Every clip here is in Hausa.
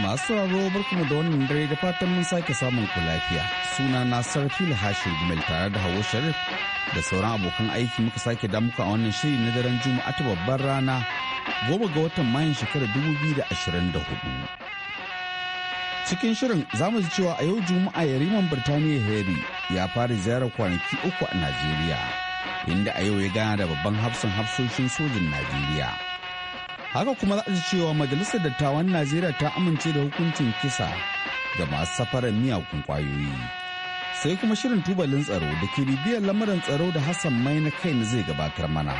Masu sauraro mu da wannan dare da fatan mun sake samun ku lafiya. Suna na Sarfil Hashim Gumel tare da Hawa Sharif da sauran abokan aiki muka sake da muka a wannan shiri na daren Juma'a ta babbar rana goma ga watan shekara da ashirin da hudu. Cikin shirin za mu ji cewa a yau Juma'a yariman Birtaniya Harry ya fara ziyarar kwanaki uku a Najeriya. Inda a yau ya gana da babban hafsan hafsoshin sojin Najeriya. haka kuma za ji cewa majalisar dattawan najeriya ta amince da hukuncin kisa ga masu safarar miyagun kwayoyi sai kuma shirin tubalin tsaro da ke bibiyar lamarin tsaro da hassan mai na kai zai gabatar mana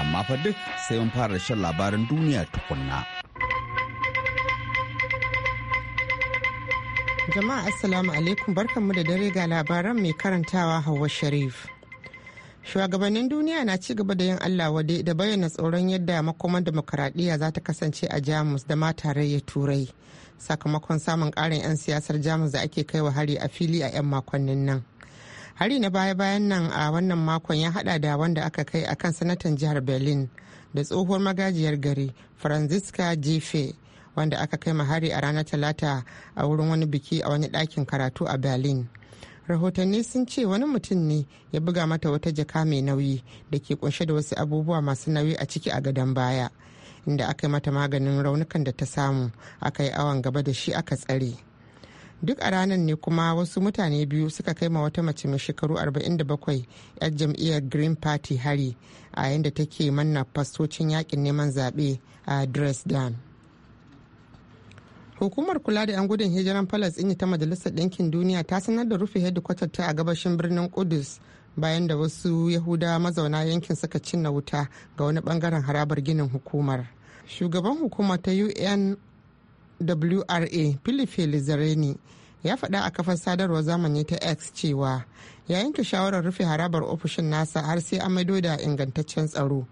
amma fa duk sai mun fara shan labarin duniya tukunna jama'a assalamu alaikum barkanmu da dare ga labaran mai karantawa hawa sharif shugabannin duniya na ci gaba da yin allah wade da bayyana tsoron yadda makoman demokaradiyya za ta kasance a jamus da ma tarayyar turai sakamakon samun karin 'yan siyasar jamus da ake kai wa hari a fili a 'yan makonnin nan hari na baya-bayan nan a wannan makon ya hada da wanda aka kai a kan sanatan jihar berlin da tsohuwar magajiyar gari franziska jefe wanda aka kai hari a ranar talata a wurin wani biki a wani ɗakin karatu a berlin rahotanni sun ce wani mutum ne ya buga mata wata jaka mai nauyi da ke kunshe da wasu abubuwa masu nauyi a ciki a gadon baya inda aka yi mata maganin raunukan da ta samu aka yi awon gaba da shi aka tsare duk a ranar ne kuma wasu mutane biyu suka kai ma wata mace mai shekaru 47 'yar jam'iyyar green party hari a yadda take manna fastocin yakin neman zaɓe a dresden hukumar kula da 'yan gudun hijiran palestine ta majalisar ɗinkin duniya ta sanar da rufe hedikwatar ta a gabashin birnin kudus bayan da wasu yahuda mazauna yankin suka cinna wuta ga wani bangaren harabar ginin hukumar shugaban hukumar ta unwra philippe lizareni ya faɗa a kafar sadarwar zamani ta x cewa ya yanke shawarar rufe harabar ofishin nasa har sai a maido da ingantaccen tsaro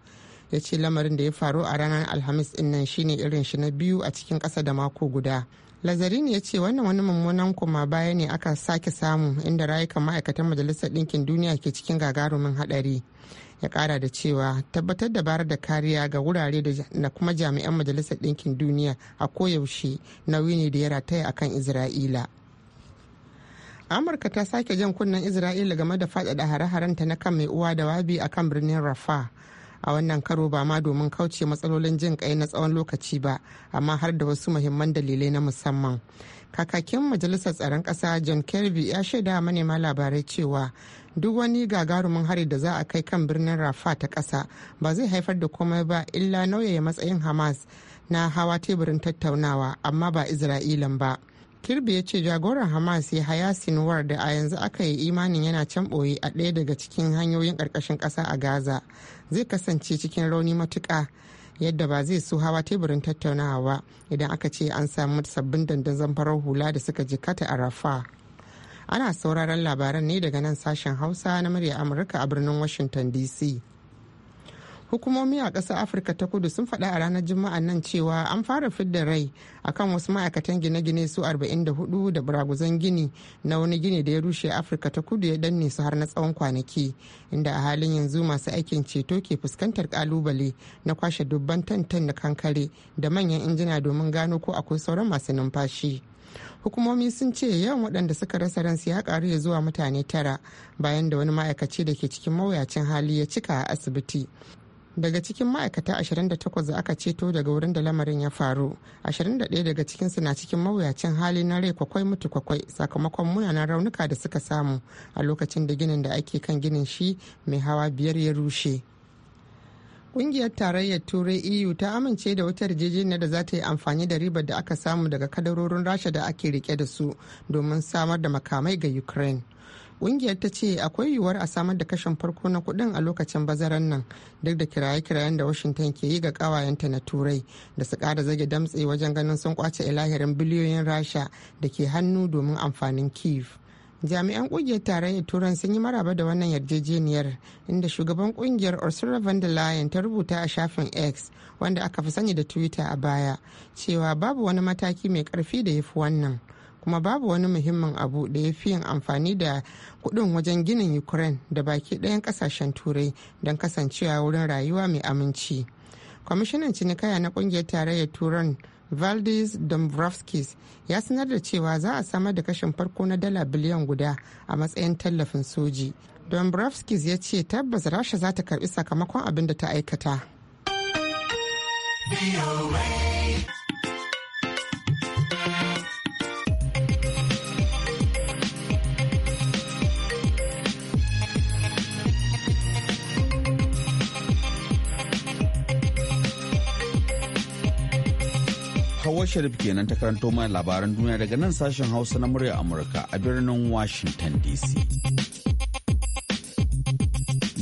ya ce lamarin da ya faru a ranar alhamis din nan shine irin shi na biyu a cikin kasa da mako guda lazarini ya ce wannan wani mummunan koma baya ne aka sake samu inda rayukan ma'aikatan majalisar ɗinkin duniya ke cikin gagarumin haɗari ya kara da cewa tabbatar da bayar da kariya ga wurare da kuma jami'an majalisar ɗinkin duniya a koyaushe nauyi ne da ya rataya akan isra'ila amurka ta sake jan kunnen isra'ila game da faɗaɗa hare haren ta na kan mai uwa da wabi a birnin rafa a wannan karo ba ma domin kauce matsalolin jin kai na tsawon lokaci ba amma har da wasu muhimman dalilai na musamman kakakin majalisar tsaron ƙasa john kirby ya shaida manema labarai cewa duk wani gagarumin hari da za a kai kan birnin rafa ta ƙasa ba zai haifar da komai ba illa nauyaya matsayin hamas na hawa teburin tattaunawa amma ba isra'ilan ba kirby ya ce jagoran hamas ya haya sinuwar da a yanzu aka yi imanin yana can ɓoye a ɗaya daga cikin hanyoyin ƙarƙashin ƙasa a gaza zai kasance cikin rauni matuka yadda ba zai so hawa teburin tattaunawa ba idan aka ce an samu sabbin dandazon farar hula da suka jikata a rafa ana sauraron labaran ne daga nan sashen hausa na murya amurka a birnin washington dc hukumomi a ƙasar afirka ta kudu sun faɗa a ranar juma'a nan cewa an fara fidda rai akan wasu ma'aikatan gine-gine su 44 da buraguzan gini na wani gini da ya rushe afirka ta kudu ya danne su har na tsawon kwanaki inda a halin yanzu masu aikin ceto ke fuskantar kalubale na kwashe dubban tantan na kankare da manyan injina domin gano ko akwai sauran masu numfashi hukumomi sun ce yawan waɗanda suka rasa ransu ya karu ya zuwa mutane tara bayan da wani ma'aikaci da ke cikin mawuyacin hali ya cika a asibiti daga cikin ma'aikata 28 da aka ceto daga wurin da lamarin ya faru 21 daga cikinsu na cikin mawuyacin hali na rai kwakwai mutu kwakwai sakamakon munanan raunuka da suka samu a lokacin da ginin da ake kan ginin shi mai hawa biyar ya rushe kungiyar tarayyar turai eu ta amince da wata yarjejeniyar da za ta yi amfani da ribar da aka samu daga kadarorin rasha da ake rike da su domin samar da makamai ga ukraine Ƙungiyar ta ce akwai yiwuwar a samar da kashen farko na kuɗin a lokacin bazaran nan duk da kiraye-kirayen da Washington ke yi ga ƙawayenta na Turai da su kara zage damtse wajen ganin sun kwace ilahirin biliyoyin Rasha da ke hannu domin amfanin Kiev. jami'an kungiyar tarayyar turai sun yi maraba da wannan yarjejeniyar inda shugaban kungiyar ursula von der leyen ta rubuta a shafin x wanda aka fi sani da twitter a baya cewa babu wani mataki mai karfi da ya fi wannan kuma babu wani muhimmin abu da ya fi yin amfani da kudin wajen ginin ukraine da baki ɗayan ƙasashen turai don kasancewa wurin rayuwa mai aminci kwamishinan cinikaya na ƙungiyar tarayyar turan valdis dombrovskis ya sanar da cewa za a samar da kashin farko na dala biliyan guda a matsayin tallafin soji dombrovskis ya ce tabbas rasha za ta karbi sakamakon abin da ta aikata Hawa Sharif kenan ta karanto mana labaran duniya daga nan sashen Hausa na murya Amurka a birnin Washington DC.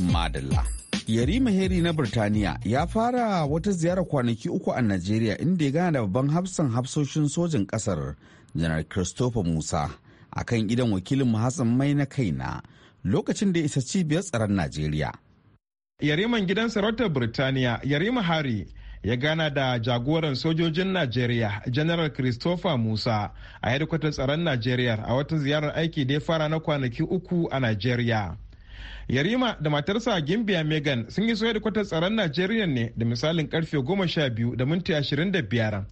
Madalla. Yari Maheri na Birtaniya ya fara wata ziyara kwanaki uku a Najeriya inda ya gana da babban hafsan hafsoshin sojin ƙasar Janar Christopher Musa a kan gidan wakilin Hassan Mai na kaina lokacin da ya isa cibiyar tsaron Najeriya. Yariman gidan sarautar Birtaniya, Yarima Hari, ya gana da jagoran sojojin najeriya general christopher musa a hedikwatar tsaron najeriya a wata ziyarar aiki da ya fara na kwanaki uku a najeriya yarima da matarsa gimbiya megan sun yi iso hedikwatar tsaron najeriya ne da misalin karfe sha biyu da minti ashirin da biyar.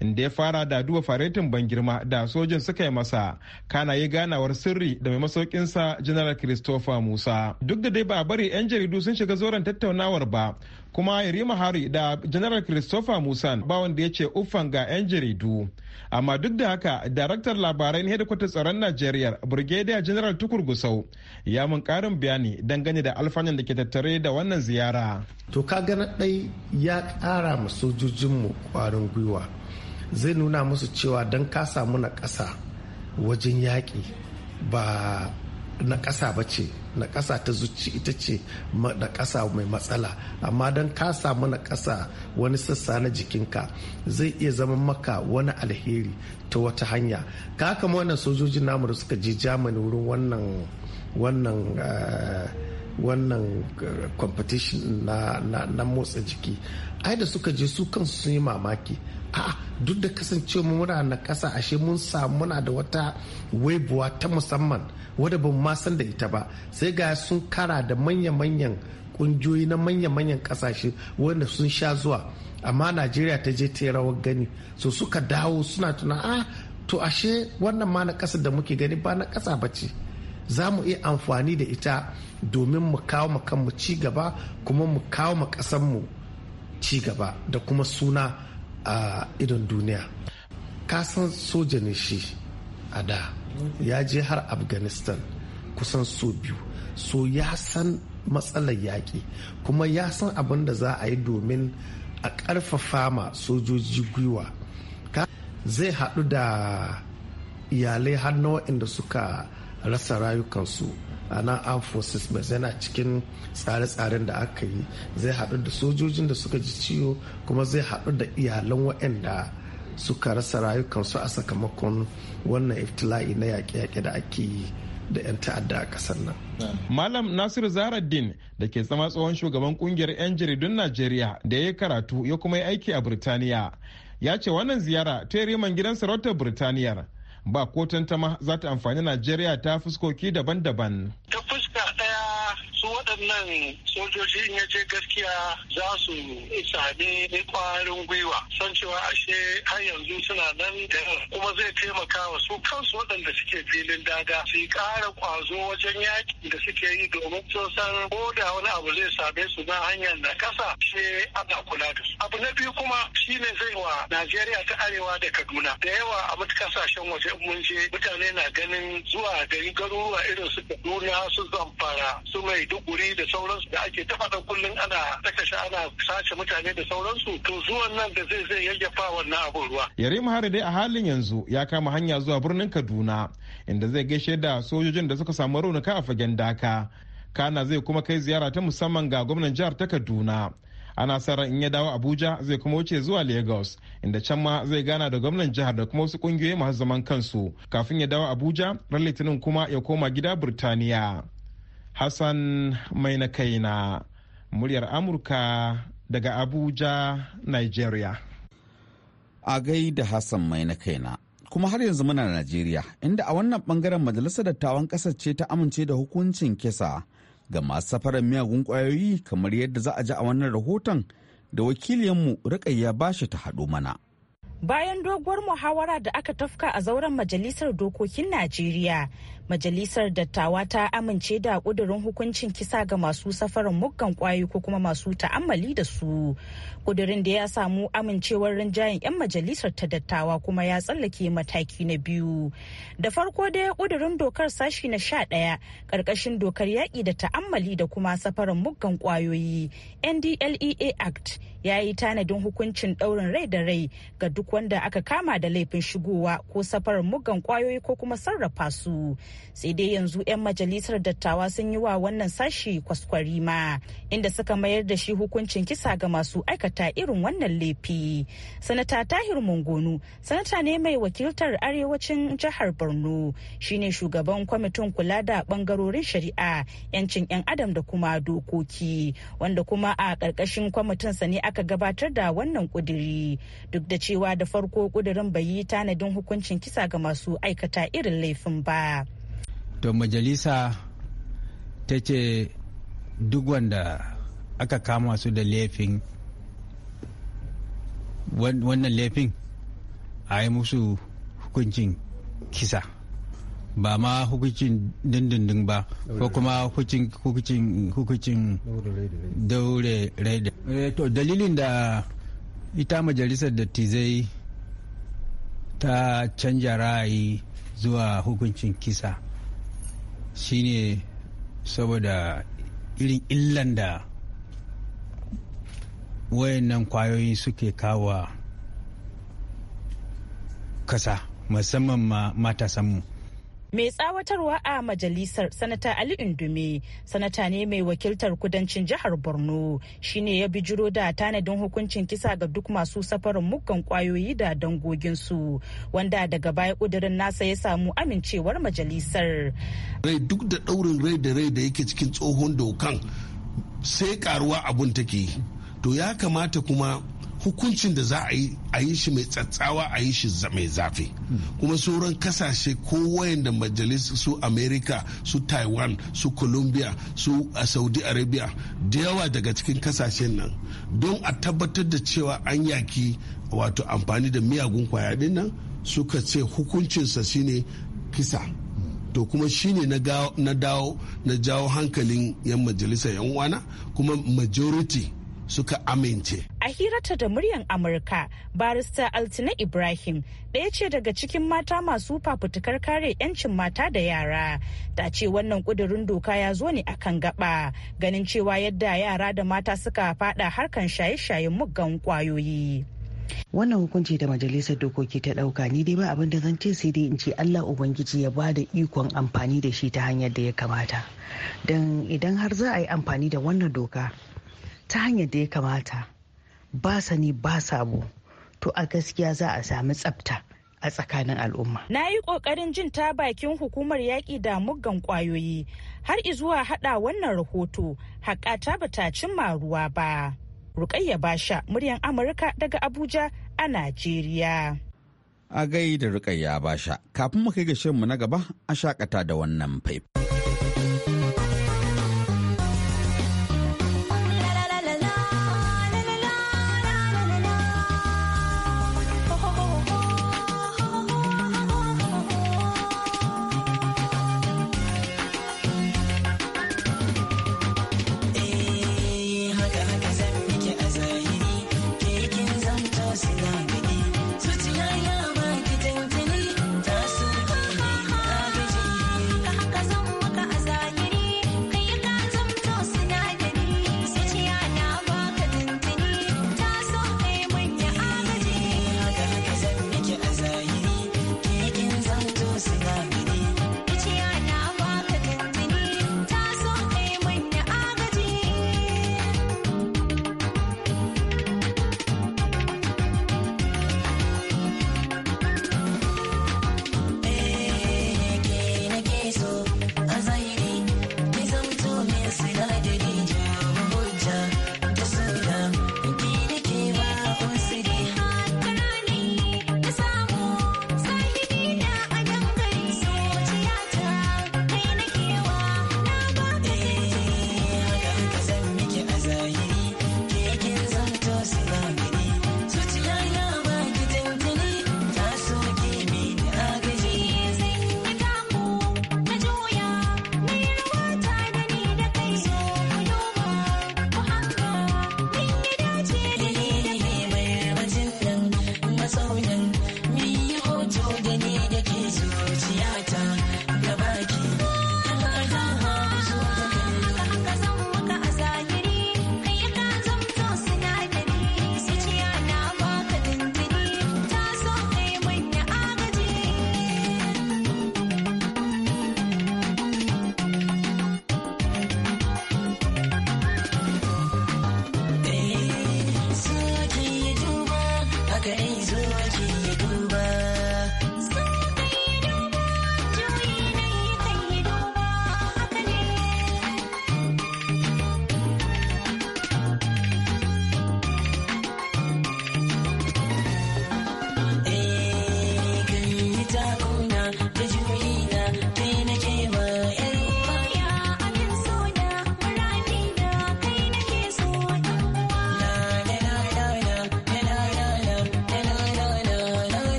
inda ya fara da duba faretin ban girma da sojin suka yi masa kana yi ganawar sirri da mai masaukinsa general christopher musa duk da dai ba a bari 'yan jaridu sun shiga zoren tattaunawar ba kuma irima hari da general christopher musa ba wanda ya ce uffan ga 'yan jaridu amma duk da haka daraktar labarai na hedikwatar tsaron nigeria brigadier general tukur gusau ya mun karin bayani dangane da alfanun da ke tattare da wannan ziyara to ka gana ɗai ya ƙara ma sojojinmu ƙwarin gwiwa zai nuna musu cewa don ka samu na ƙasa wajen yaƙi ba na ƙasa ba ce na ƙasa ta zuci ita ce na ƙasa mai matsala amma don ka samu na ƙasa wani sassa na jikinka zai iya zama maka wani alheri ta wata hanya ka kama wannan sojojin namu da suka je germany wurin wannan wannan eh, wannan eh, competition na, motsa jiki ai da suka je su kansu sun yi mamaki a'a duk da kasancewa muna na kasa ashe mun samu muna da wata waibuwa ta musamman wadda ba ma san da ita ba sai ga sun kara da manya-manyan kungiyoyi na manya-manyan kasashe wanda sun sha zuwa amma najeriya ta je ta rawar gani so suka dawo suna tuna a ah, to ashe wannan ma na kasa da muke gani ba na kasa ba ce za mu iya amfani da ita domin mu kawo mu kanmu ci gaba kuma mu kawo mu kasanmu ci gaba da kuma suna a idon duniya kasan soja ne shi a da ya je har afghanistan kusan so biyu so ya san matsalar yaƙi kuma ya san abin da za a yi domin a ƙarfafa ma sojoji gwiwa zai haɗu da iyalai har na waɗanda suka rasa rayukansu ana armed forces mai yana cikin tsare-tsaren da aka yi zai haɗu da sojojin da suka ji ciwo kuma zai haɗu da iyalan waɗanda suka rasa rayukansu a sakamakon wannan iftila'i na yaƙe-yaƙe da ake yi da 'yan ta'adda a ƙasar nan. Malam Nasiru Zaraddin da ke zama tsohon shugaban kungiyar 'yan jaridun Najeriya da ya yi karatu ya kuma yi aiki a Birtaniya. Ya ce wannan ziyara ta yi riman gidan sarautar Birtaniyar ba ko tantama za ta amfani najeriya ta fuskoki daban-daban waɗannan sojoji in ya je gaskiya za su sami ƙwarin gwiwa san cewa ashe har yanzu suna nan da kuma zai taimaka wa su kansu waɗanda suke filin daga su yi ƙara ƙwazo wajen yaƙi da suke yi domin sun san ko da wani abu zai same su na hanyar na ƙasa sai ana kula da su abu na biyu kuma shine zai wa najeriya ta arewa da kaduna da yawa a mutu kasashen waje mun je mutane na ganin zuwa gari garuruwa irin su kaduna su zamfara su maiduguri da sauransu da ake ta faɗa kullum ana takashe ana sace mutane da sauransu to zuwan nan da zai zai yayyafa wannan abin ruwa. Yarim Hare dai a halin yanzu ya kama hanya zuwa birnin Kaduna inda zai gaishe da sojojin da suka samu raunuka a fagen daka. Kana zai kuma kai ziyara ta musamman ga gwamnan jihar ta Kaduna. ana sa ran in ya dawo abuja zai kuma wuce zuwa lagos inda can ma zai gana da gwamnan jihar da kuma wasu kungiyoyi masu zaman kansu kafin ya dawo abuja ran litinin kuma ya koma gida burtaniya Hassan mai na kaina muryar Amurka daga Abuja, Nigeria. A gai da Hassan mai na kaina. Kuma har yanzu muna Najeriya, inda a wannan bangaren majalisar dattawan ƙasar ce ta amince da hukuncin kisa ga masu safarar miyagun ƙwayoyi kamar yadda za a ji a wannan rahoton da wakiliyanmu Rukayya Bashi ta haɗo mana. bayan doguwar muhawara da aka tafka a zauren majalisar dokokin najeriya majalisar dattawa ta amince da kudurin hukuncin kisa ga masu safarin muggan kwayoyi ko kuma masu ta'ammali da su kudurin da ya samu amincewar rinjayen 'yan majalisar ta dattawa kuma ya tsallake mataki na biyu da farko dai kudurin dokar sashi na sha ɗaya ƙarƙashin dokar yaƙi da ta'ammali da kuma safarin muggan kwayoyi ndlea act ya yi tanadin hukuncin daurin rai da rai ga duk wanda aka kama da laifin shigowa ko safar mugan kwayoyi ko kuma sarrafa su sai dai yanzu 'yan majalisar dattawa sun yi wa wannan sashi kwaskwari ma inda suka mayar da shi hukuncin kisa ga masu aikata irin wannan laifi sanata tahir mungonu sanata ne mai wakiltar arewacin jihar borno shine shugaban kwamitin kula da bangarorin shari'a 'yancin 'yan adam da kuma dokoki wanda kuma a ƙarƙashin kwamitinsa ne aka gabatar da wannan kuduri duk da cewa da farko kudurin bai yi tanadin hukuncin kisa ga masu aikata irin laifin ba. To majalisa ta ce duk wanda aka kama su da laifin wannan laifin a yi musu hukuncin kisa. ba ma hukuncin dindindin ba ko kuma hukuncin daure raida eh, to dalilin da ita majalisar dattizai ta canja ra'ayi zuwa hukuncin kisa shine saboda irin illan da wayannan kwayoyi suke kawa kasa musamman ma matasanmu mai tsawatarwa a majalisar sanata ali indume sanata ne mai wakiltar kudancin jihar borno shine ya bijiro da tanadin hukuncin kisa ga duk masu safarin muggan kwayoyi da dangoginsu wanda daga baya kudirin nasa ya samu amincewar majalisar rai duk da daurin rai da rai da yake cikin tsohon dokan sai karuwa abun take to ya kamata kuma hukuncin da za a yi a yi shi mai tsatsawa a yi shi mai zafi kuma sauran kasashe ko wayanda majalis su america su taiwan su colombia su saudi arabia da yawa daga cikin kasashen nan don a tabbatar da cewa an yaki wato amfani da miyagun kwayadin nan suka ce hukuncinsa shine kisa to kuma shine na dawo na jawo hankalin 'yan majalisa 'yan wana kuma majority suka amince a hirata da muryan amurka barista altina ibrahim ɗaya ce daga cikin mata masu fafutukar kare 'yancin mata da yara ta ce wannan ƙudurin doka ya zo ne akan gaba ganin cewa yadda yara da mata suka fada harkan shaye-shayen muggan kwayoyi wannan hukunci da majalisar dokoki ta dauka ni dai ba abin da zan ce sai dai in ce allah ubangiji ya ba da ikon amfani da shi ta hanyar da ya kamata don idan har za a yi amfani da wannan doka ta hanyar da ya kamata ba sani ba sabo to a gaskiya za a sami tsafta a tsakanin al'umma. Na yi ƙoƙarin jin ta bakin hukumar yaƙi da muggan ƙwayoyi har izuwa haɗa wannan rahoto haƙata ba ta cimma ruwa ba. Rukayya Basha muryan Amurka daga Abuja a Najeriya. A gai da Rukayya Basha kafin mu kai ga mu na gaba a shakata da wannan faifai.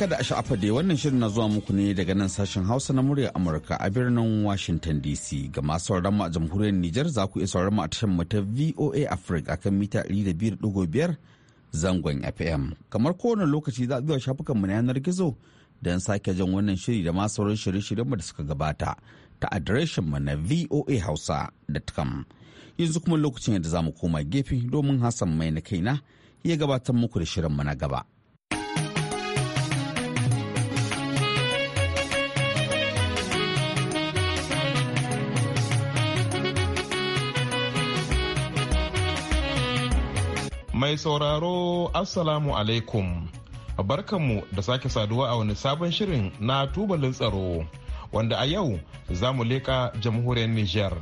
kada a afa dai wannan shirin na zuwa muku ne daga nan sashen Hausa na murya Amurka a birnin Washington DC. Ga masu sauraron mu a jamhuriyar Nijar za ku iya sauraron mu a tashar mu ta VOA Africa akan mita 200.5 zangon FM. Kamar kowane lokaci za a zuwa shafukan mu na yanar gizo don sake jan wannan shiri da masu sauran shirye-shiryen mu da suka gabata ta adireshin mu na voa voahausa.com. Yanzu kuma lokacin da za mu koma gefe domin Hassan mai na kaina ya gabatar muku da shirin mu na gaba. Mai sauraro Assalamu alaikum. Barkanmu da sake saduwa a wani sabon shirin na tubalin tsaro wanda a yau za mu leƙa jamhuriyar Nijar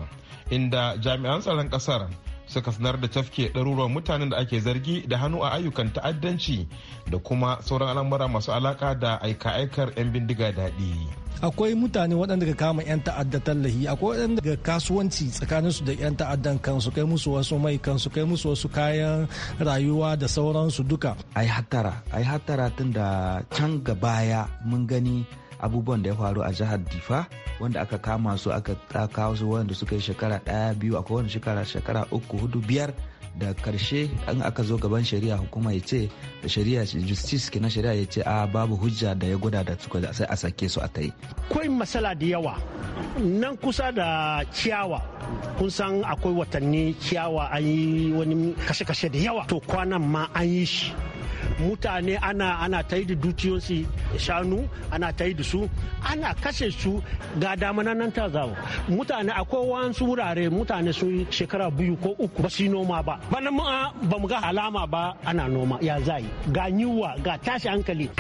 inda jami'an tsaron ƙasar suka sanar da tafke ɗaruruwan mutanen da ake zargi da hannu a ayyukan ta'addanci da kuma sauran al'amura masu alaka da aika-aikar 'yan bindiga daɗi. akwai mutane waɗanda ka kama 'yan ta'adda tallahi akwai waɗanda ga kasuwanci tsakaninsu da 'yan ta'addan kansu kai musu wasu mai kansu kai musu wasu kayan rayuwa da sauransu duka ai hattara ai hattara tun da can gabaya mun gani abubuwan da ya faru a jihar difa wanda aka kama su aka kawo su wanda suka yi shekara ɗaya biyu akwai wanda shekara shekara uku hudu biyar da karshe an aka zo gaban shari'a hukuma ya ce da shari'a justice kina shari'a ya ce a babu hujja da ya gwada da suka sai a sake su a tai akwai masala da yawa nan kusa da ciyawa kun san akwai watanni ciyawa an yi wani kashe-kashe da yawa to kwanan ma an yi shi mutane ana ana ta yi da dukiyoyinsu shanu ana ta yi da su ana kashe su ga damana nan ta zawo mutane akwai wasu wurare mutane sun shekara biyu ko uku ba su noma ba bana ba mu ga alama ba ana noma ya zai ga yiwa ga tashi hankali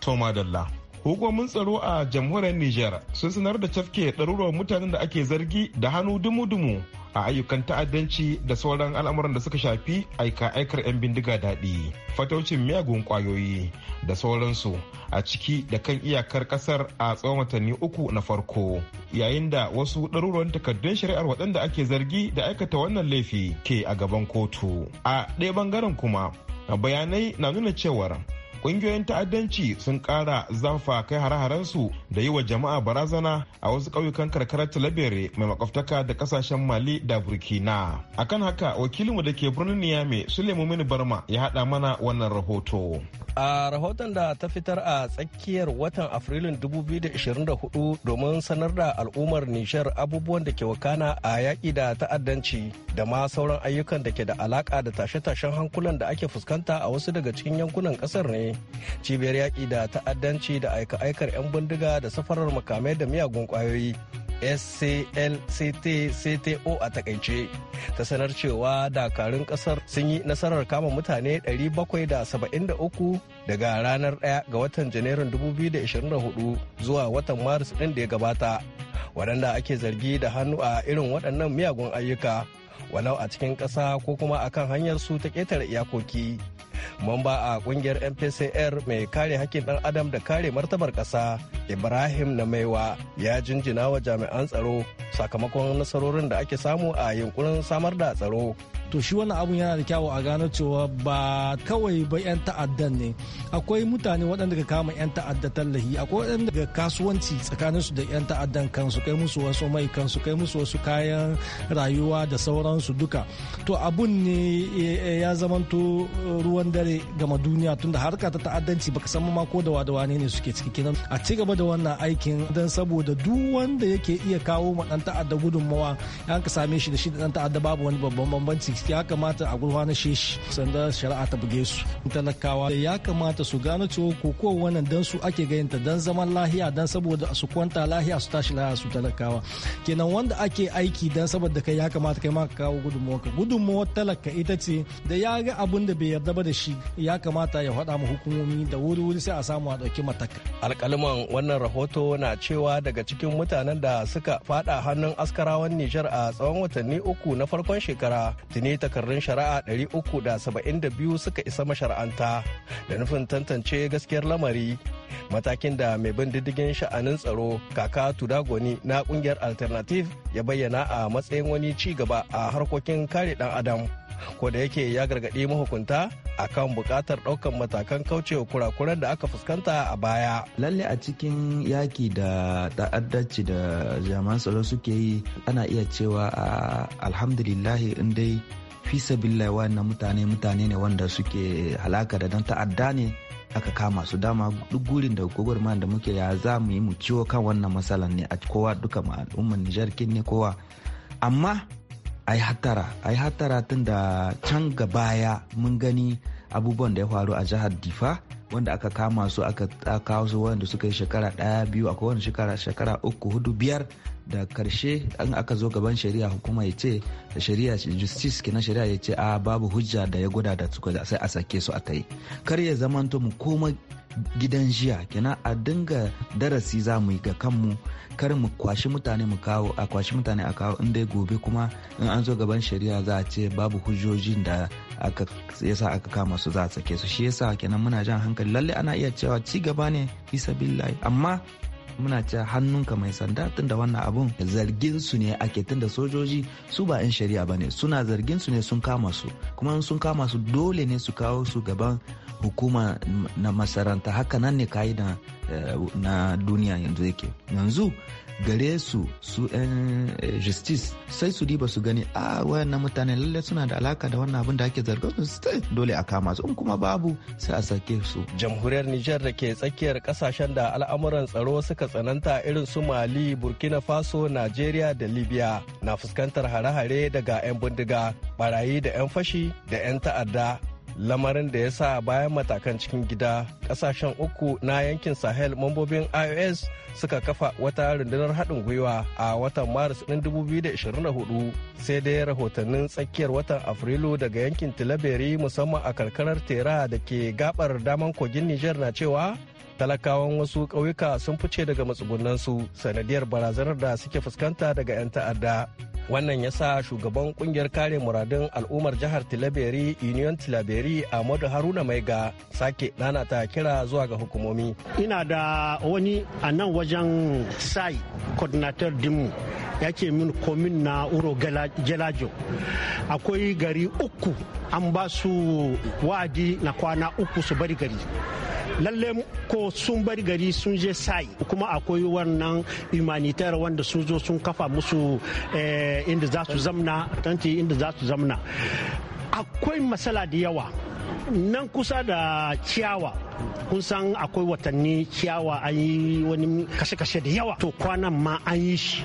Toma Dalla. Hukumomin tsaro a jamhuriyar Nijar sun sanar da cafke ɗaruruwar mutanen da ake zargi da hannu dumu-dumu a ayyukan ta'addanci da sauran al'amuran da suka shafi aika-aikar 'yan bindiga daɗi fataucin miyagun ƙwayoyi da sauransu a ciki da kan iyakar ƙasar a tsawon watanni uku na farko yayin da wasu ɗaruruwan takardun shari'ar waɗanda ake zargi da aikata wannan laifi ke a gaban kotu a ɗaya bangaren kuma bayanai na nuna cewar Ƙungiyoyin ta'addanci sun ƙara zafa kai hare-harensu da yi wa jama'a barazana a wasu ƙauyukan karkarar Talabere mai makwabtaka da kasashen Mali da Burkina. Akan haka wakilinmu da ke birnin niyame sulemu Mini Barma ya haɗa mana wannan rahoto. A rahoton da ta fitar a tsakiyar watan Afrilun 2024 domin sanar da al'ummar Nishar abubuwan da ke wakana a yaƙi da ta'addanci da ma sauran ayyukan da ke da alaƙa da tashe-tashen hankulan da ake fuskanta a wasu daga cikin yankunan ƙasar ne. cibiyar yaƙi da ta'addanci da aika-aikar 'yan bindiga da safarar makamai da miyagun ƙwayoyi sclctcto a takaice ta sanar cewa dakarun kasar sun yi nasarar kama mutane 773 daga ranar 1 ga watan janairun 2024 zuwa watan maris ɗin da ya gabata waɗanda ake zargi da hannu a irin waɗannan miyagun ayyuka walau a cikin ƙasa ko kuma akan hanyar su ta ƙetare iyakoki mamba a kungiyar mpcr mai kare hakkin ɗan adam da kare martabar ƙasa ibrahim na maiwa ya jinjina wa jami'an tsaro sakamakon nasarorin da ake samu a yunkurin samar da tsaro to shi wannan abun yana da kyawu a gano cewa ba kawai ba 'yan ta'addan ne akwai mutane waɗanda ka kama 'yan ta'adda tallahi akwai waɗanda ga kasuwanci tsakaninsu da 'yan ta'addan kansu kai musu wasu mai kansu kai musu wasu kayan rayuwa da sauransu duka to abun ne eh, eh, ya zamanto ruwan sabon dare gama duniya tunda harka ta ta'addanci baka san ma ko da wada wane ne suke ciki kenan a ci gaba da wannan aikin dan saboda duk wanda yake iya kawo ma dan ta'adda gudunmawa an ka same shi da shi da dan ta'adda babu wani babban bambanci ya kamata a gurfanar shi shi sanda shari'a ta buge su talakawa ya kamata su gano cewa ko ko wannan dan su ake gayinta dan zaman lahiya dan saboda su kwanta lahiya su tashi lahiya su talakawa kenan wanda ake aiki dan saboda kai ya kamata kai ma ka kawo gudunmawa ka gudunmawa talaka ita ce da ya ga abun da bai yarda ba da shi ya kamata ya faɗa mu hukumomi da wuri-wuri sai a samu a ɗauki mataka. alƙaliman wannan rahoto na cewa daga cikin mutanen da suka faɗa hannun askarawan nijar a tsawon watanni uku na farkon shekara tuni takardun shari'a ɗari uku da da saba'in biyu suka isa mashara'anta da nufin tantance gaskiyar lamari matakin da mai bin diddigin sha'anin tsaro kaka tudagoni na kungiyar alternative ya bayyana a matsayin wani ci gaba a harkokin kare dan adam ko da yake ya gargaɗi mahukunta a akan buƙatar ɗaukar matakan kaucewa kurakuran da aka fuskanta a baya. Lalle a cikin yaki da ta'addaci da jama'an tsaro suke yi ana iya cewa a alhamdulillahi in dai fisa billahi wannan mutane mutane ne wanda suke halaka da dan ta'adda ne aka kama su dama duk gurin da gwagwarmayar da muke ya za mu yi mu ciwo kan wannan matsalar ne a kowa duka al'ummar nijar kin ne kowa amma ai hattara ai hattara tun da can ga baya mun gani abubuwan da ya faru a jihar difa wanda aka kama su aka kawo su wanda suka yi shekara ɗaya biyu akwai wani shekara shekara uku hudu biyar da karshe an aka zo gaban shari'a hukuma ya ce da shari'a justice kenan shari'a ya ce a ah, babu hujja da ya gwada da suka sai a sake su a ta yi kar ya zamanto mu koma gidan jiya kenan a dinga darasi za mu yi ga kanmu kar mu kwashi mutane mu kawo a kwashi mutane a kawo inda gobe kuma in an zo gaban shari'a za a ce babu hujjojin da aka yasa aka kama su za a sake su shi yasa kenan muna jan hankali lalle ana iya cewa ci gaba ne billahi amma muna ce hannunka mai sanda tunda wannan abun zargin su ne ake tunda sojoji su ba 'yan shari'a ba ne suna zargin su ne sun kama su kuma sun kama su dole ne su kawo su gaban hukuma na masaranta haka nan ne ka'ida eh, na duniya yanzu yake yanzu gare su su 'yan eh, justice sai su diba su gani a ah, wayannan mutane lalle suna da alaka da wannan abin da ake zarga su dole a kama su in kuma babu sai a sake su jamhuriyar niger da ke tsakiyar kasashen da al'amuran tsaro suka tsananta irin su mali burkina faso nigeria da libya na fuskantar hare-hare daga 'yan bindiga barayi da 'yan fashi da 'yan ta'adda lamarin da ya sa bayan matakan cikin gida kasashen uku na yankin sahel mambobin ios suka kafa wata rundunar haɗin gwiwa a watan maris ɗin 2024 sai dai rahotannin tsakiyar watan afrilu daga yankin tilaberi musamman a karkarar tera da ke gabar daman kogin niger na cewa talakawan wasu ƙauyuka sun fice daga matsugunansu sanadiyar barazanar da suke fuskanta daga 'yan ta'adda wannan ya sa shugaban kungiyar kare muradun al'ummar jihar tilaberi union tilaberi ahmadu haruna maiga sake nanata kira zuwa ga hukumomi ina da wani a nan wajen sai coordinator dimu ya ke min komin na uro gelajo akwai gari uku an ba su wa'adi na kwana uku su bari gari lalle ko sun bar gari sun je sai kuma akwai wannan humanitarian wanda sun zo sun kafa musu eh, inda za su zamna tanti inda za su zamna akwai matsala da yawa nan kusa da ciyawa kun san akwai watanni ciyawa an yi wani kashe-kashe da yawa to kwanan ma an yi shi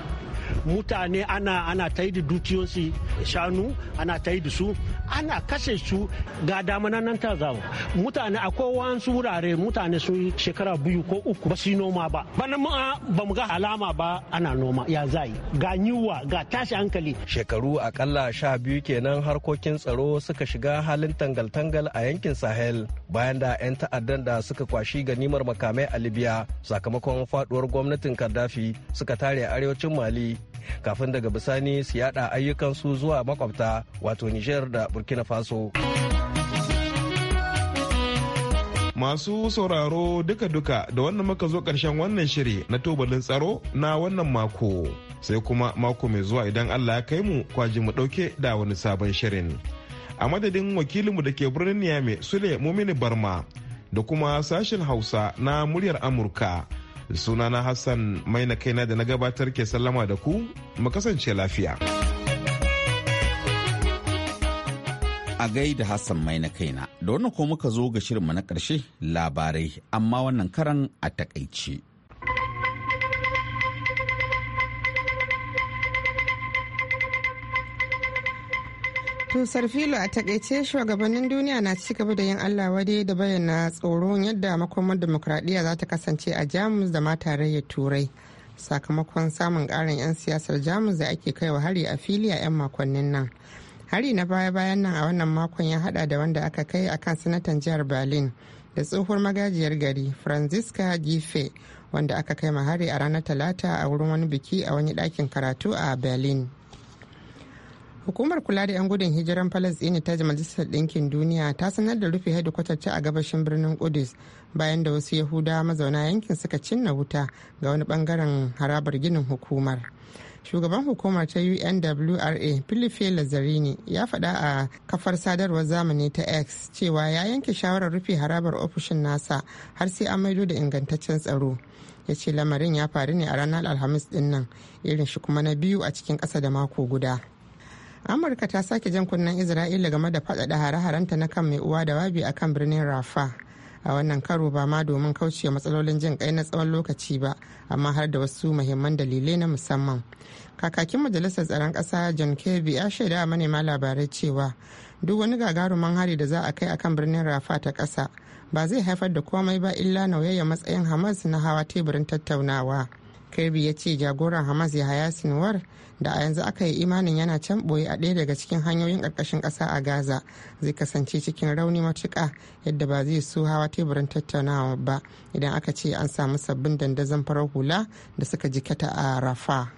mutane ana ana ta yi da dukiyoyinsu shanu ana ta yi da su ana kashe su ga damanan nan ta zama mutane akwai wasu wurare mutane su shekara biyu ko uku ba su noma ba bana ma ba mu ga alama ba ana noma ya zai ga yiwa ga tashi hankali shekaru akalla sha biyu kenan harkokin tsaro suka shiga halin tangal-tangal a yankin sahel bayan da 'yan ta'addan da suka kwashi ganimar makamai a libya sakamakon faduwar gwamnatin kaddafi suka tare arewacin mali kafin daga bisani su yada ayyukansu zuwa makwabta wato Nijar da Burkina Faso. Masu sauraro duka-duka da wannan muka zo ƙarshen wannan shiri na tubalin tsaro na wannan mako. Sai kuma mako mai zuwa idan Allah ya kai mu kwaji mu ɗauke da wani sabon shirin. A madadin wakilinmu da ke birnin Niamey Sule Mumini Barma da kuma sashen Hausa na muryar Amurka. Suna na hassan mai na kaina da na gabatar ke sallama da ku mu kasance lafiya a gaida hassan mai na kaina da wannan ko muka zo ga shirinmu na ƙarshe labarai amma wannan karan a takaice. Tusar filo a takaice shugabannin duniya na ci gaba da yin Allah wade da bayyana tsoron yadda makomar demokradiyya za ta kasance a Jamus da mata tarayyar Turai. Sakamakon samun ƙarin 'yan siyasar Jamus da ake kaiwa hari a fili a 'yan makonnin nan. Hari na baya-bayan nan a wannan makon ya hada da wanda aka kai akan sanatan jihar Berlin da tsohuwar magajiyar gari Franziska Gife wanda aka kai hari a ranar Talata a wurin wani biki a wani ɗakin karatu a Berlin. hukumar kula da 'yan gudun hijiran palestini ta majalisar ɗinkin duniya ta sanar da rufe hedikwatar ta a gabashin birnin kudus bayan da wasu yahuda mazauna yankin suka cinna wuta ga wani bangaren harabar ginin hukumar shugaban hukumar ta unwra philippe lazzarini ya faɗa a kafar sadarwar zamani ta x cewa ya yanke shawarar rufe harabar ofishin nasa har sai an maido da ingantaccen tsaro ya ce lamarin ya faru ne a ranar alhamis dinnan irin shi kuma na biyu a cikin ƙasa da mako guda amurka ta sake jan kunnen isra'ila game da faɗaɗa hare-harenta na kan mai uwa da wabi a kan birnin rafa a wannan karo ba ma domin kauce matsalolin jin kai na tsawon lokaci ba amma har da wasu muhimman dalilai na musamman kakakin majalisar tsaron ƙasa john kirby ya shaida a manema labarai cewa duk wani gagarumin hari da za a kai akan birnin rafa ta kasa ba zai haifar da komai ba illa nauyayya matsayin hamas na hawa teburin tattaunawa kirby ya ce jagoran hamas ya haya sinuwar da a yanzu aka yi imanin yana can boye a ɗaya daga cikin hanyoyin ƙarƙashin ƙasa a gaza zai kasance cikin rauni matuƙa yadda ba zai so hawa teburin tattaunawa ba idan aka ce an samu sabbin dandazon farar hula da suka jikata a rafa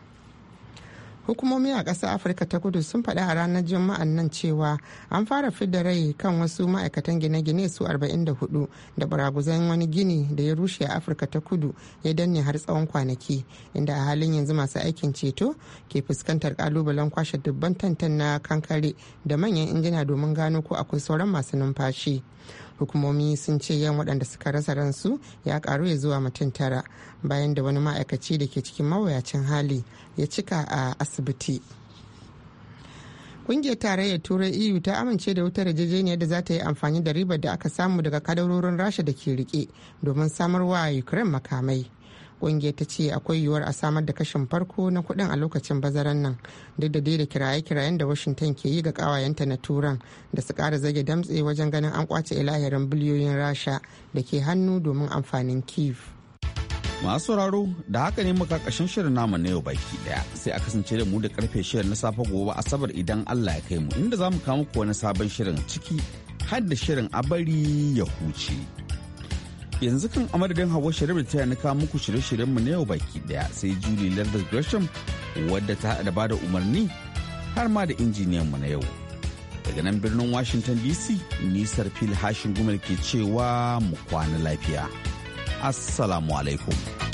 hukumomi a ƙasar afirka ta kudu sun faɗi a ranar juma'an nan cewa an fara fidda rai kan wasu ma'aikatan gine-gine su 44 da baraguzan wani gini da ya rushe a afirka ta kudu ya danne har tsawon kwanaki inda a halin yanzu masu aikin ceto ke fuskantar kalubalen kwashe dubban tantan na kankare da manyan injina domin gano ko akwai sauran masu numfashi hukumomi sun ce yan waɗanda suka rasa ransu ya karu ya zuwa mutum tara bayan da wani ma'aikaci da ke cikin mawuyacin hali ya cika a asibiti ƙungiyar tarayyar turai eu ta amince da wutar yarjejeniyar da za ta yi amfani da ribar da aka samu daga kadarorin rasha da ke rike domin samarwa ukraine makamai kungiyar ta ce akwai yiwuwar a samar da kashin farko na kuɗin a lokacin bazaran nan duk da da kiraye-kirayen da washington ke yi ga kawayenta na turan da su ƙara zage damtse wajen ganin an kwace ilahirin biliyoyin rasha da ke hannu domin amfanin kiev masu sauraro da haka ne muka ƙarshen shirin namu na yau baki daya sai a kasance da mu da karfe shirin na safe gobe asabar idan allah ya kai mu inda za mu kawo muku wani sabon shirin ciki har da shirin abari bari ya huce yanzu kan amadadin hawa shirin ta yana kawo muku shirye-shiryenmu na yau baki daya sai juli lardis gresham wadda ta haɗa da umarni har ma da injiniyanmu na yau daga nan birnin washington dc nisar fil hashin gumar ke cewa mu kwana lafiya assalamu alaikum